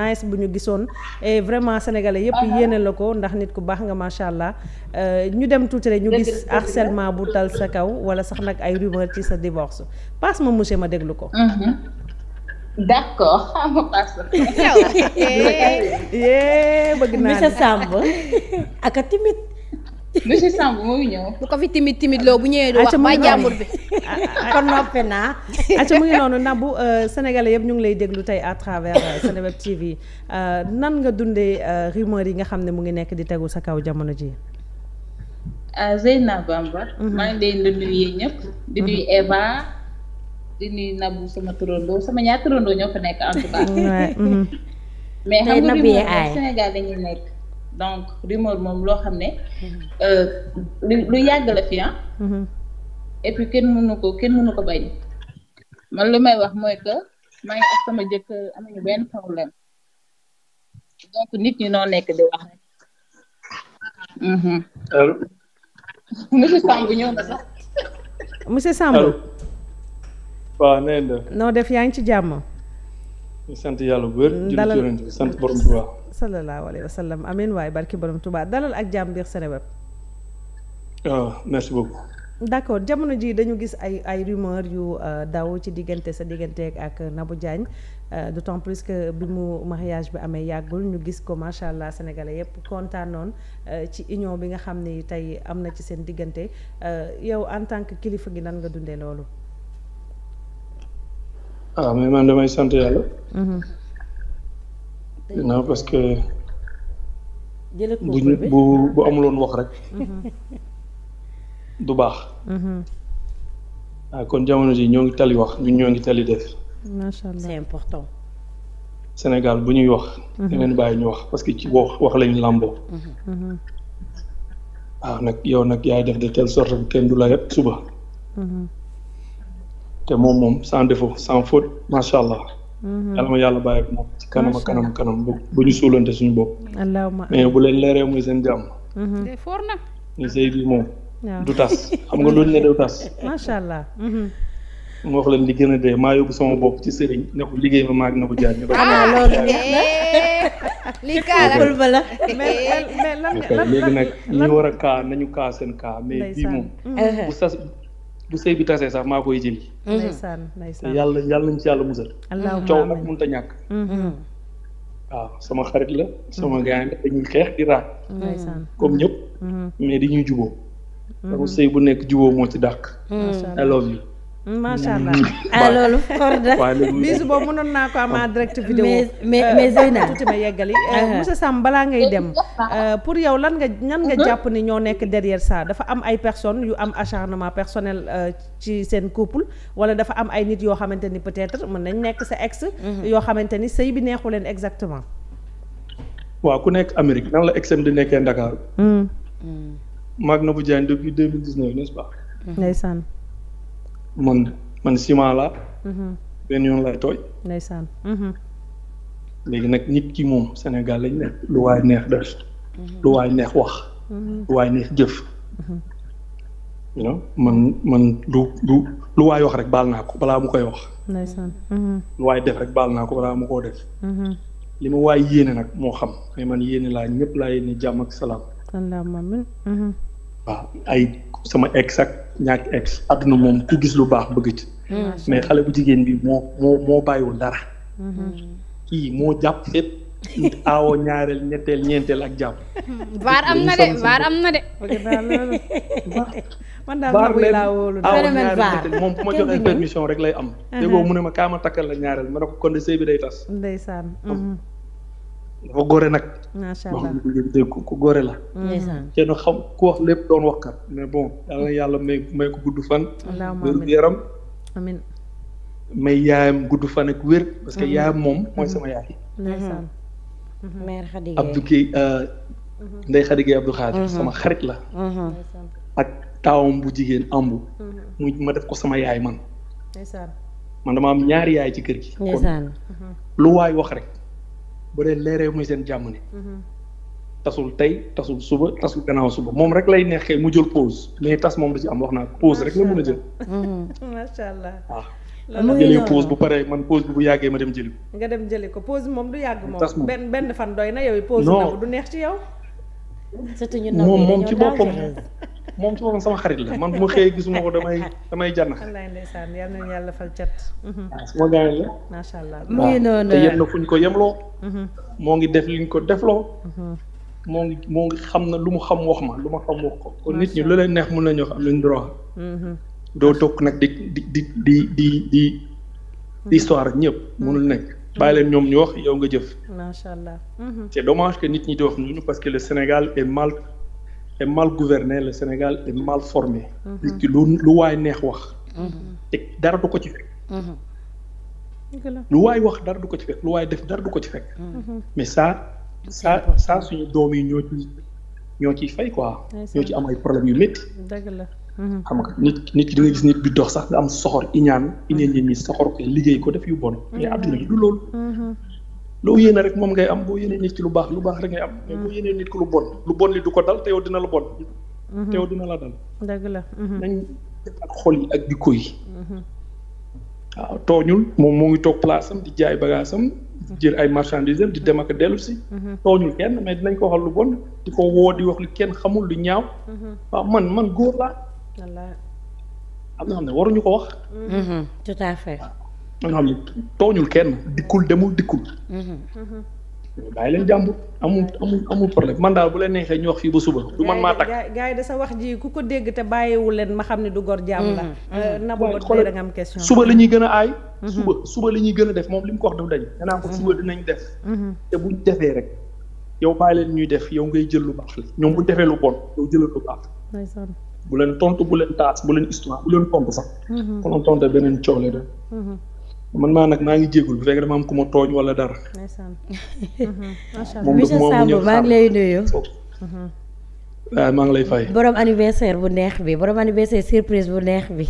nice bu ñu gisoon et vraiment sénégalais yëpp ah, yéene la ko ndax nit ku baax nga macha allah euh, ñu dem tuuti rek ñu gis harcèlement bu tal sa kaw wala sax nag ay rumeur ci sa divorce passe ma monsieur ma déglu ko mhm. d'accord xam nga passe yee bëgg naa monsieur Samb ak a timide monsieur Samb mooy ñëw. bu ko fi timide timide loo bu ñëwee du wax ba jàmbur bi. kon noppi naa. acca mu ngi noonu Nabou euh, sénégalais yëpp ñu ngi lay déglu tey à travers euh, Seneweb TV euh, nan nga dundee rumeur yi nga xam ne mu ngi nekk di tegu sa kaw jamono ji ah Zeyna Bamba. Mhm. maa ngi leen di nuyu ñëpp. di mhm. nuyu Eva. di nuyu sama turandoo sama ñaar turandoo ñoo ko nekk en tout cas. Mhm. mais xam nga Sénégal dañuy nekk. donc rumeur moom loo xam ne. Mhm. Euh, lu yàgg la fi ah. Mhm. et puis kenn mënu ko kenn mënu ko bañ. man lu may wax mooy que maa sama jëkk am jëkkër amuñu benn problème donc nit ñi noo nekk di wax rek. Mhm. allo. ñëw na sax. monsieur Samb. noo def yaa ngi ci jàmm. sant yàlla bu wér. dalal sant borom Tuubaa. sallallahu alayhi wa sallam barki borom Tuubaa dalal ak jàmm biir Seneweb. waaw ah, merci beaucoup. d' accord jamono ji dañu gis ay ay rumeur yu euh, daw ci diggante sa diggante ak Nabou Diagne euh, d' autant que bi mu mariage bi amee yàggul ñu gis ko macha allah sénégalais yëpp kontaanoon euh, ci union bi nga xam ni tey am na ci seen diggante yow en tant que kilifa gi nan nga dundee loolu. ah mais man damay sant yàlla. non parce que. bu bu bu amuloon wax rek. du baax. ah kon jamono ji ñoo ngi tali wax ñun ñoo ngi tali def. Sénégal bu ñuy wax. da bàyyi ñu wax parce que ci wax wax lañu làmboo. ah nag yow nag yaay def de telle sorte kenn du la suba. te moom moom sans défaut sans faute macha allah. Mhm. yàlla ma yàlla bàyyi ko moom ci kanam ak kanam kanam bu ñu suulante suñu bopp. mais bu leen leeree muy seen jàmm. te mhm. foor na. ñu sëy bi xam nga loolu ne du macha allah. Mhm. mu wax leen gën a dee maa yóbbu sama bopp ci sëriñ ne liggéey ma maag na ko jaar ñu ko. ah loolu eh, kaa la ba la. Eh. léegi nag ñi war a kaa nañu kaa seen kaa mais bii moom. bu sas bu sëy bi tasee sax maa koy jëli. Mhm. ndeysaan ndeysaan yàlla yàlla nañ ci yàlla musal. allahumma coow nag mënut a ñàkk. Mhm. waaw sama xarit la. sama mhm. gars yi dañuy xeex di raak. comme ñëpp. mais dañuy juboo. parce sëy bu nekk juboo moo ci dàq. I love macha allah mm. ah loolu Korda bisu boobu mënoon naa ko am direct vidéo mais mais euh, mais ma yeggali euh, uh-huh. monsieur Sam balaa ngay dem euh, pour yow lan nga ñan nga uh-huh. jàpp ni ñoo nekk derrière ça dafa am ay personnes yu am acharnement personnel ci seen couple wala dafa am ay nit yoo xamante ni peut-être mën nañ nekk sa ex uh-huh. yoo xamante ni sëy bi neexu leen exactement waaw ku nekk Amérique nan la exem di nekkee Ndakaaru hmm. Hmm. maag na bu jaay depuis deux man man ciment la mm-hmm. benn yoon lay tooy. Mm-hmm. léegi nag nit ki moom Sénégal lañ nekk lu waay neex def. Mm-hmm. lu waay neex wax. lu waay neex jëf. man man du du lu waay wax rek baal naa ko balaa mu koy wax. ndeysaan. lu waay def rek baal naa ko balaa mu koo def. li ma waay yéene nag moo xam ay man yéene laa ñëpp laa yéene jàmm ak salaam. waaw ay sama ex ak ex àdduna moom ku gis lu baax bëgg ci. mais xale bu jigéen bi moo moo moo bàyyiwul dara. Mhm. kii moo jàpp fépp aawo ñaareel ñetteel ñeenteel ak jàpp. vaar am na de vaar am na de. man moom bu ma joxee permission rek lay am. déggoo mu ne ma kaa ma takkal la ñaareel ma ne ko kon bi day tas. dafa góore nag. macha allah ku góore la. te mm-hmm. nu xam ku wax lépp doon wax kat mais bon yàlla yàlla may ko gudd fan. wér yaram amiin may yaayam gudd fan ak wér. parce que mm-hmm. yaayam moom mooy mm-hmm. sama yaay. mère Khady Gueye Abdou Gueye euh, Ndeye Khady sama xarit la. ak taawam bu jigéen ambu. mu ma def ko sama yaay man. man dama am ñaari yaay ci kër gi. lu waay wax rek. bu dee leeree muy seen jàmm ne mm-hmm. tasul tey tasul suba tasul gannaaw suba moom rek lay neexee mu jël pause mais tas moom du ci am wax naa pause rek la mën a jël. Mm-hmm. macha allah waaw. mu ngi jëlee pause bu paree man pause bi bu yàggee ma dem jëli ko. nga dem jëli ko pause moom du yàgg moom. benn benn fan doy na yow pause. non du neex ci yow. surtout ñun moom moom ci boppam. moom ci moom sama xarit la man bu ma xëyee gisuma ko damay damay jànn. xam ndeysaan yal nañu yàlla fal cat. waaw mhm. ah, sama gars la. macha allah mu ngi noonu te yem na fu ko yemloo. Mhm. moo ngi def li ko defloo. Mhm. moo ngi xam na lu mu xam wax ma lu ma xam wax ko kon neex mën nañoo xam luñ droit. doo nag di di di di di di histoire ñëpp mënul nekk. bàyyi leen ñoom ñu wax yow nga jëf. macha allah. c'est dommage nit ñi di wax ñooñu parce que le Sénégal est mal. est mal gouverné le Sénégal est mal formé. Mhm. nit ki lu lu waay neex wax. Mhm. te dara du ko ci fekk. Mhm. lu waay wax dara du ko ci fekk lu waaye def dara du ko ci fekk. mais saa ça ça suñu doom yi ñoo ci ñoo ciy fay quoi. ñoo ci amay ay yu métti. dëgg la. xam nga nit nit ki da gis nit bi dox sax nga am soxor iñaan iñaan ñi soxor ko liggéey ko def yu bon. mais àdduna yi du loolu. loo yéene rek moom ngay am boo yéene nit ki lu baax lu baax rek ngay am. mais boo yéene nit ki lu bon lu bon li du ko dal te yow dina la bon. Mm-hmm. te yow dina la dal. dëgg la. Mm-hmm. nañ defar ak jikko yi. Mm-hmm. waaw tooñul moom di jaay bagage am. jël ay marchandises di dem ak dellu ko di wax lu kenn xamul lu ñaaw. waaw man man góor laa. am na xam ne waruñu ko wax. nga xam ne tooñul kenn dikkul demul dikkul. bàyyi leen jàmbur amul amul amul man daal bu leen neexee ñu wax fii ba suba. du man maa takk da sa wax ku ko dégg te bàyyiwul leen ma xam ne du gor jàmm la. Mm-hmm. Euh, mm-hmm. nabu da am question. suba la ñuy gën a aay. Mm-hmm. suba suba la ñuy gën a def moom li mu ko wax dafa dañ. danaa ko suba dinañ def. te buñ defee rek yow bàyyi leen ñuy def yow ngay jël lu baax la ñoom buñ defee lu bon yow jëlal lu baax. bu leen tontu bu leen taas bu leen histoire bu leen tontu sax. konoon tontu beneen coole de. man maa nag maa ngi jéegul bu fekkee dama am ku ma tooñ wala dara. moom monsieur Samb maa ngi lay nuyu. waaw mhm. ah, maa ngi lay fay. borom anniversaire bu neex bi borom anniversaire surprise bu neex bi.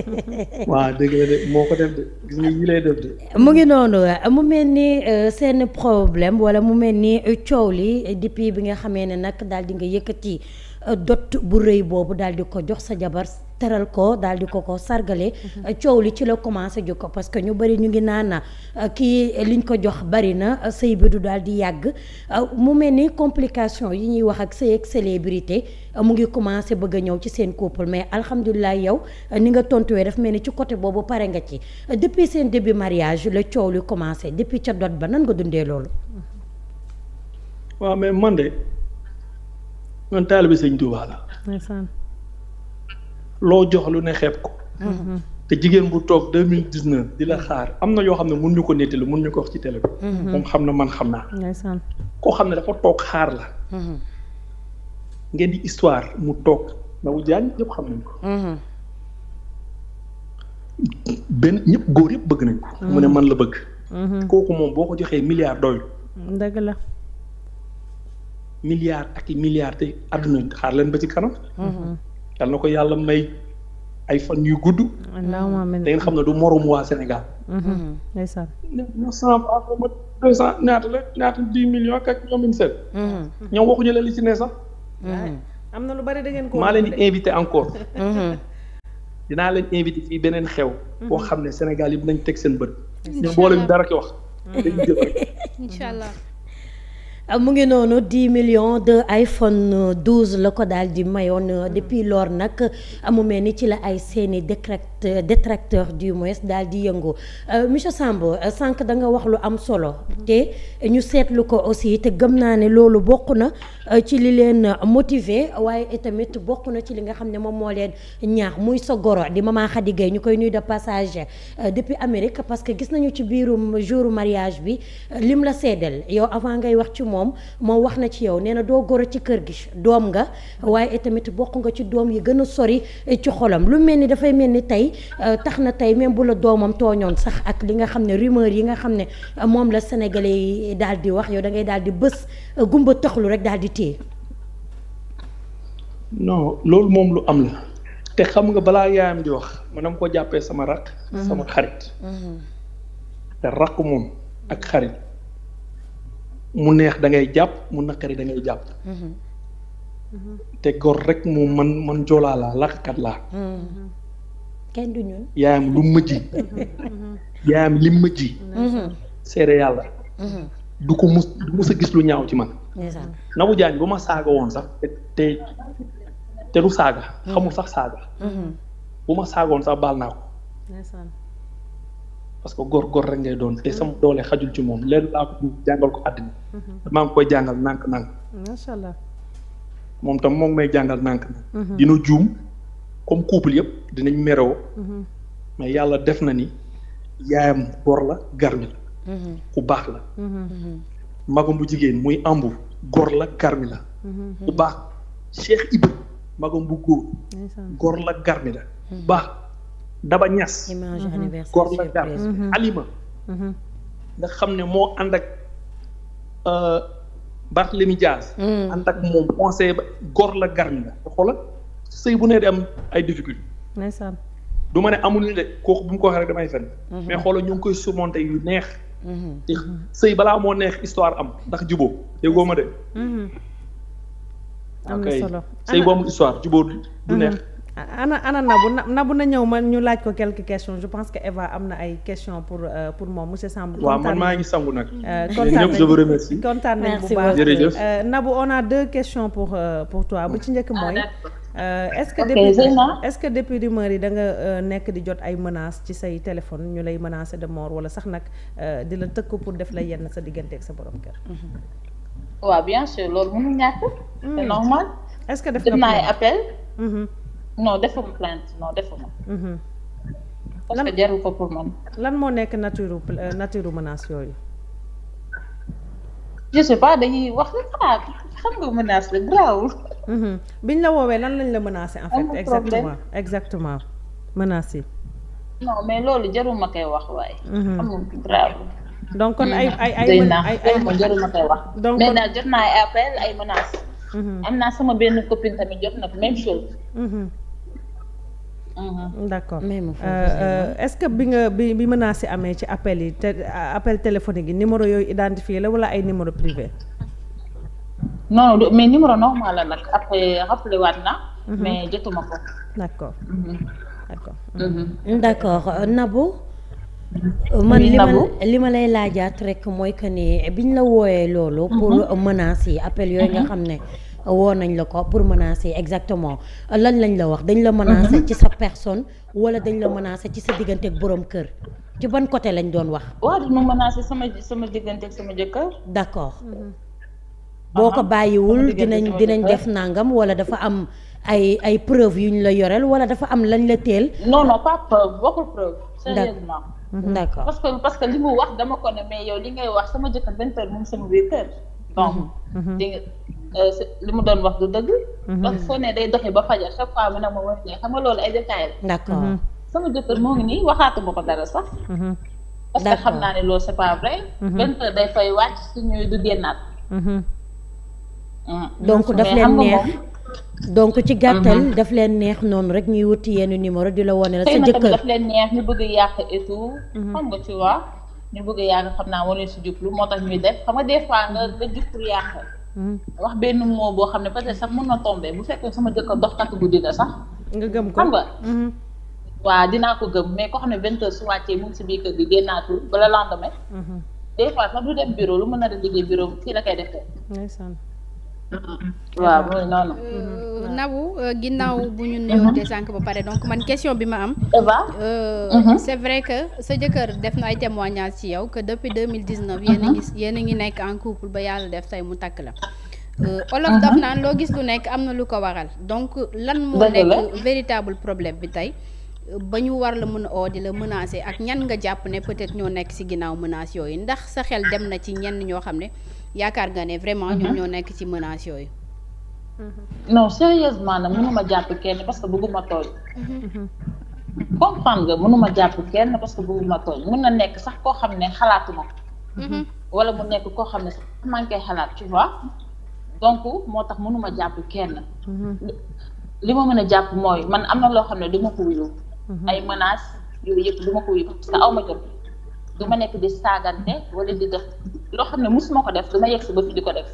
waaw dëgg de moo ko def de mu ngi noonu mu mel ni euh, seen problème wala mu mel ni euh, coow li depuis bi nga xamee ne nag daal di nga yëkkati euh, dot bu rëy boobu daal di ko jox sa jabar teral ko daal di ko ko sargale mhm. coow li ci la commencé ju ko parce que ñu bëri ñu ngi naan euh, kii liñ ko jox bari na euh, sëy du daal di yàgg euh, mu mel ni complication yi ñuy wax ak sëy ak célébrité mu ngi commencé bëgg a ñëw ci seen couple mais alhamdulilah yow ni nga tontuwee daf mel ni ci côté boobu pare nga ci depuis seen début mariage la coow li commencé depuis ca dot ba nan nga dundee loolu waaw mais man de man taalibe Sëñ Tuubaa la loo jox lu ne xeeb ko. Mm-hmm. te jigéen bu toog deux mille dix neuf di la xaar am na yoo xam ne mun ñu ko nettali mun ñu ko wax ci télé mm-hmm. moom xam na man xam naa. koo xam ne dafa toog xaar la. Mm-hmm. ngeen di histoire mu toog ndaw jaañ ñëpp xam nañ ko. benn ñëpp góor yëpp bëgg nañ ko. mu ne man la bëgg. kooku moom boo ko joxee milliard doyul. dëgg milliard ak i milliard te àdduna xaar leen ba ci kanam. yal na ko yàlla may ay fan yu gudd. allahumma amiin da ngeen xam ne du moromu waa Sénégal. Mhm. ndeysaan. neuf cent ba deux cent ñaata la ñaata dix millions ak ñoom une seule. Mhm. ñoom waxuñu la li ci ne sax. am na lu bari da ngeen ko maa leen di invité encore. Mhm. dinaa leen invité fii beneen xew. boo xam ne Sénégal yi dinañ teg seen bët. incha allah ñun dara ki wax. dañu allah. Ah, mu ngi noonu 10 million de iPhone 12 la ko daal di mayoon depuis loor nag mu mel ni ci la ay seeni détracteur détracteur du moins daal di yëngu ah, monsieur Samb sànq da nga wax lu am solo te ñu seetlu ko aussi te gëm naa ne loolu bokk na ah, ci li leen motiver waaye tamit bokk na ci li nga xam ne moom moo leen ñaax muy sa goro di maman Khady Gueye ñu koy nuy de passage depuis Amérique parce que gis nañu ci biirum jour mariage bi lim la seedal yow avant ngay wax ci moom moom moom wax na ci yow nee na doo goro ci kër gi doom nga waaye tamit bokk nga ci doom yi gën a sori ci xolam lu mel ni dafay mel ni tey euh, tax na tey même bu la doomam tooñoon sax ak li nga xam ne rumeur yi nga xam ne euh, moom la sénégalais yi dal di wax yow dangay ngay daal di bës euh, gumba taxlu rek daal di téye. non loolu moom lu am la te xam nga balaa yaayam di wax maanaam ko jàppee sama rakk. Mhm. sama xarit. Mhm. te rakk moom ak xarit. mu neex da ngay jàpp mu naqari da ngay jàpp. Mm-hmm. Mm-hmm. te gor rek mu man man joolaa laa làkkat laa. Mm-hmm. kenn du yaayam lu mujj. yaayam li mujj. seede yàlla. du ko mus du mus a gis lu ñaaw ci man. Nabou Diagne bu ma saaga woon sax te te du saaga. xamul sax saaga. bu ma saaga woon sax baal naa ko. parce que góor góor rek ngay doon te sama doole xajul ci moom leen laa ko jàngal ko àddina mhm. maa ngi koy jàngal nànk nànk macha allah moom tam moom may jàngal nànk nànk mhm. dina juum comme couple yëpp dinañ merewoo mhm. mais yàlla def na ni yaayam góor la garmi la ku baax la magam bu jigéen muy ambu góor la garmi la ku baax Cheikh magam bu góor góor la garmi la baax Daba Niass. image mhm. anniversaire Gorla Dar mhm. Alima. Mhm. xam ne moo ànd ak euh, Barthélemy Diaz. ànd ak moom conseil ba Gorla Garmi la te xoolal sëy bu ne di am ay difficulté. ndeysaan du ma ne amul ni de kooku bu mu ko waxee damay fen mais xoolal ñu ngi koy surmonter yu neex. sëy balaa moo neex histoire am ndax jubóo déggoo ma de. am sëy boo histoire jubóo du neex. ana ana Nabou Nabou na ñëw man ñu laaj ko quelques questions je pense que Eva am na ay questions pour euh, pour moom monsieur Samb. waaw man maa ngi sangu nag. Euh, kontaan nañu je vous remercie. bu baax jërëjëf. Euh, Nabou on pour pour bu ci njëkk mooy. Ah, est-ce que depuis est-ce que depuis rumeur yi da nekk di jot ay menaces ci say téléphone ñu lay menacer de mort wala sax nag di la tëkk pour def la yenn sa diggante ak sa borom kër. waaw bien sûr loolu mënul ñàkk. c'est hmm. normal. est-ce que def nga appel. Hmm. non defuma plainte non defuma. Mhm. parce que ko pour lan moo nekk nature nature menace yooyu. je sais dañuy wax ah, xam nga menace la mhm. biñ la woowee lan lañ la menacé en fait. exactement exactement menace yi. non mais loolu jaruma ma koy wax waaye. Mhm. amul grawul. kon ay ay ay ay ay ma wax. donc mais jot naa ay ay menace am naa sama benn copine tamit jot nag ko même d' accord mm-hmm. euh, euh, est-ce que bi nga bi bi menace yi amee ci appel yi te appel téléphonique yi numéro yooyu identifié la wala ay numéro privé non mais numéro normal la nag après rappelé waat na mm-hmm. mais jotuma ko d' accord d' man li ma li ma lay laajaat rek mooy que ni biñ la wooyee loolu mm-hmm. pour menace yi appel yooyu nga xam ne woo nañ la ko pour menacer exactement lan lañ la wax dañ la menacer ci sa personne wala dañ la menacer ci sa diggante ak boroom kër ci ban côté lañ doon wax. waaw dañ ma menacer sama sama diggante ak sama jëkkër. d'accord. Mhm. boo ko bàyyiwul dinañ dinañ def nangam wala dafa am ay ay preuve yu ñu la yoreel wala dafa am lañ la teel. non non pas preuve bokkul preuve. sérieusement mhm. parce que li mu wax dama yow li ngay wax sama jëkkër benn sama biir Euh, li mu doon wax du dëgg. Mhm. parce que day dox ba fajar chaque fois mu ne ma wax ne xam nga loolu ay détails la. d'accord mhm. sama jëkkër moo ngi nii waxaatu ma ko dara sax. Mhm. parce xam naa ne loolu c'est pas vrai. vingt mm. donc daf leen neex donc ci gàttal daf leen neex noonu rek ñuy wuti yenn numéro di la wane la sa jëkkër daf leen neex ñu bëgg yàq et tout. xam nga ci waa ñu bëgg yàq xam naa waruñu si jublu moo tax ñuy def xam nga des fois nga nga jub pour yàq. wax benn mot boo xam ne peut-être sax mën na tombé bu fekkee sama jëkkër dox takk guddi la sax. nga gëm ko xam nga. Mm-hmm. waaw dinaa ko gëm mais koo xam ne vingt heures su wàccee mu ngi si biir kër gi génnaatul ba le lendemain. Mm-hmm. des la sax du dem bureau lu mën a liggéey bureau kii la koy defee. ndeysaan. waaw mooy noonu. Euh, Nabou euh, ginnaaw bu ñu mhm. nuyootee sànq ba pare donc man question bi ma am. Eva. Euh, mhm. c'est vrai que sa jëkkër def na ay témoignages ci yow que depuis deux mille dix neuf. Mhm. yéen a ngi yéen ngi nekk en couple ba yàlla def tey mu takk la. Euh, olof daf naan loo gis lu nekk am na lu ko waral. donc lan moo nekk véritable problème bi tey. ba ñu war la mën a oo di la menacer ak ñan nga jàpp ne peut-être ñoo nekk ci ginnaaw menaces yooyu ndax sa xel dem na ci ñenn ñoo xam ne yaakaar nga ne vraiment. ñoom ñoo nekk ci menaces yooyu. non sérieusement nag mënuma jàpp kenn parce que bëgguma tooñ comprendre nga mënuma jàpp kenn parce que bëgguma tooñ mën na nekk sax koo xam ne xalaatuma ko wala mu nekk koo xam ne sax maa ngi koy xalaat tu vois donc moo tax mënuma jàpp kenn li ma mën a jàpp mooy man am na loo xam ne du ma ko wuyu ay menaces yooyu yëpp duma ko wuyu parce que aw ma jot du nekk di saagante wala di def loo xam ne mosuma ko def dama yegg si ba fi di ko def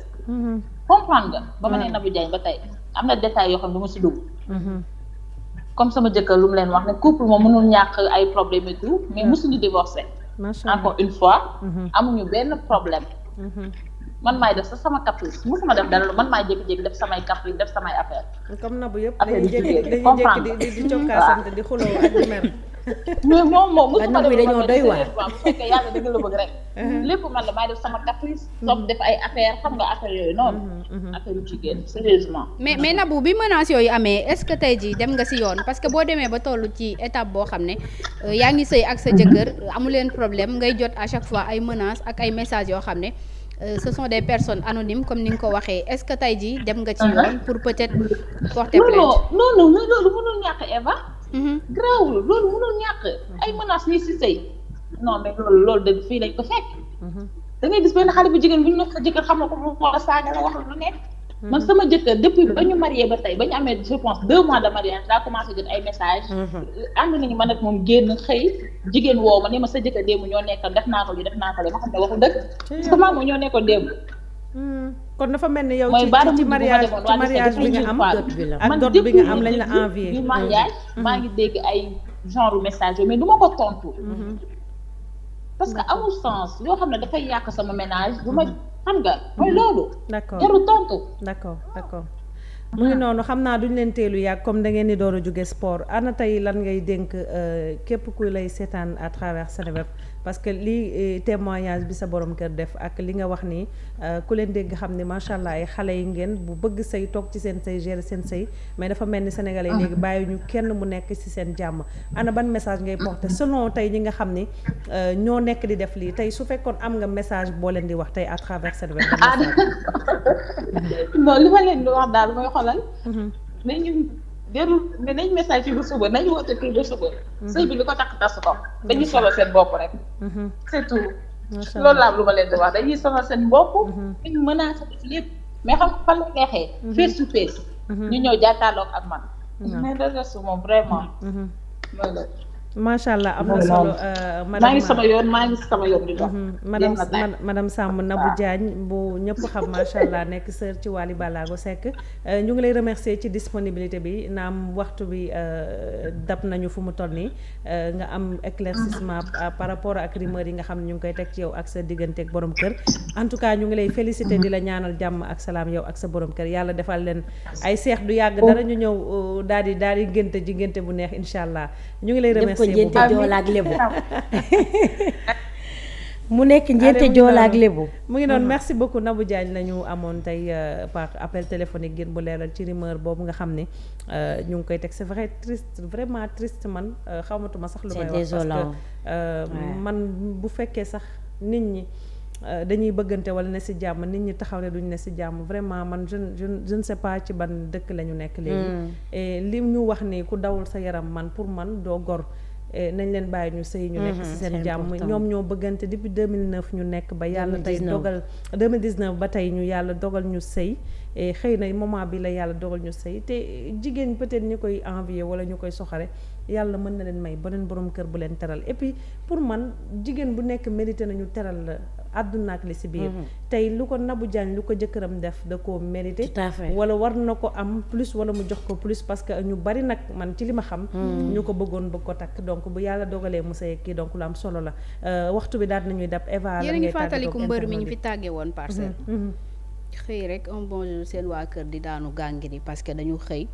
comprendre nga. ba ma nee hmm. Nabou Diagne ba tey am na détails yoo xam ne du ma si dugg. Hmm. comme sama jëkkër lu mu leen wax ne couple moom mënul ñàkk ay problème et tout mais hmm. mosuñu divorcé. encore une fois. amuñu benn problème. man maay def sa sama caprice mosuma def dara man maay jékki-jékki def samay caprice def samay affaire. comme Nabou yëpp dañuy jékki dañuy jékki di di cokkaasante di xuloo ak di mer. mais moom moom mosuma uh-huh. lépp man la uh-huh. def ay affaire xam nga affaire yooyu uh-huh, jigéen mais mais Nabou bi menaces yooyu amee est-ce que tey jii dem nga si yoon parce que boo demee ba toll ci étape boo xam ne euh, yaa ngi sëy ak sa jëkkër amu leen problème ngay jot à chaque fois ay menaces ak ay messages yoo xam ne Euh, ce sont des personnes anonymes comme ni nga ko waxee est-ce que tey jii dem nga ci yoon pour peut-être porter plainte non non non loolu ñàkk Eva Mm-hmm. garaawul loolu mënul ñàkk mm-hmm. ay menaces nii si sëy non mais loolu loolu de fii lañ ko fekk mm-hmm. da ngay gis benn xale bu jigéen bu ñu nekk sa jëkkër xam na ko bu wala saaga la wax lu nekk man sama jëkkër depuis ba ñu marié ba tey ba ñu amee je pense deux mois de mariage daa commencé ay message ànd nañu man ak moom génn xëy jigéen woo ma ni ma sa jëkkër démb ñoo nekkoon def naa ko li def naa ko li ma xam ne waxu dëgg parce que maa ñoo nekkoon démb kon dafa mel ni yow ci ci mariage bi nga am ak dot bi nga am lañ la envié du mm-hmm. maa ngi dégg ay genre message mais ma ko tontu mm-hmm. parce que amul sens yoo xam ne dafay yàq sama ménage du ma mm-hmm. xam nga mooy loolu d'accord jaru tontu d'accord mu ngi noonu xam naa duñ leen teelu yàgg comme da ngeen di door a jóge sport ana tey lan ngay dénk euh, képp ku lay seetaan à travers parce que li euh, témoignage bi sa boroom kër def ak li nga wax ni euh, ku leen dégg xam ne macha allah ay xale yi ngeen bu bëgg sëy toog ci seen sëy gérer seen sëy mais dafa mel ni sénégalais yi léegi ah. bàyyi ñu kenn mu nekk ci seen jàmm ana ban message ngay porter selon tey ñi nga xam ni euh, ñoo nekk di def lii tey su fekkoon am nga message boo leen di wax tey à travers cette ah, non ma leen di wax daal mooy xolal mhm. déedul ne nañ message yi ba suba nañ woote fii ba suba. Mhm. sëy bi li ko takk tas ko. dañuy solo seen bokk rek. Mhm. c'est tout. loolu laa am lu ma leen di wax dañuy solo seen bopp. dañu mhm. menacé def lépp mais xam fan la neexee. face to face. ñu ñëw jàkkaarloog ak man. mais le reste moom vraiment. macha allah am na solo uh, maa ngi sama yoon maa ngi sama yoon di mhm. bu ñëpp xam macha allah nekk sœur ci Wally Ballago Seck euh, ñu ngi lay remercier ci disponibilité bi naam waxtu bi euh, dab nañu fu mu toll nii euh, nga am éclaircissement ah. par rapport ak rumeur yi nga xam ne ñu ngi koy teg ci yow ak sa diggante ak borom kër en tout cas ñu ngi lay féliciter di la ñaanal jàmm ak salaam yow ak sa boroom kër yàlla defal leen ay seex du yàgg oh. dara ñu ñëw daal di di ngénte ji ngénte bu neex incha allah ñu ngi lay remercier bu baax def ko njënte joola mu nekk njënte joola ak mu ngi noonu mm-hmm. merci beaucoup Nabou Diagne la ñu amoon tey euh, par appel téléphonique ngir bu leeral ci rumeur boobu nga xam ne euh, ñu ngi koy teg c'est vrai triste vraiment triste man euh, xawmatuma sax lu may wax parce que man bu fekkee sax nit ñi Euh, dañuy bëggante wala ne si jàmm nit ñi taxaw ne duñ ne si jàmm vraiment man je je je ne sais ci ban dëkk la ñu nekk lii hmm. et li ñu wax ni ku dawul sa yaram man pour man doo gor nañ leen bàyyi ñu sëy ñu nekk ci hmm, seen jàmm ñoom ñoo bëggante depuis 2009 ñu nekk ba yàlla tey dogal 2019 ba tey ñu yàlla dogal ñu sëy xëy na moment bi la yàlla dogal ñu sëy te jigéen peut-être ñu koy envier wala ñu koy soxare yàlla mën na leen may beneen boroom kër bu leen teral et pour man jigéen bu nekk mérité nañu teral la àdduna ak li si biir mhm. tey lu ko nabu Diagne lu ko jëkkëram def da koo mérité wala war na ko am plus wala mu jox ko plus parce que ñu bari nag man ci li ma xam mhm. ñu ko bëggoon bëgg ko takk donc bu yàlla dogalee mu sey kii donc lu am solo la euh, waxtu bi daal nañuy dab Eva yéen a ngi fàttaliku mbër mi ñu fi tàggee woon parcelle mhm. xëy rek un bon seen waa kër di daanu gàngiri parce que dañu xëy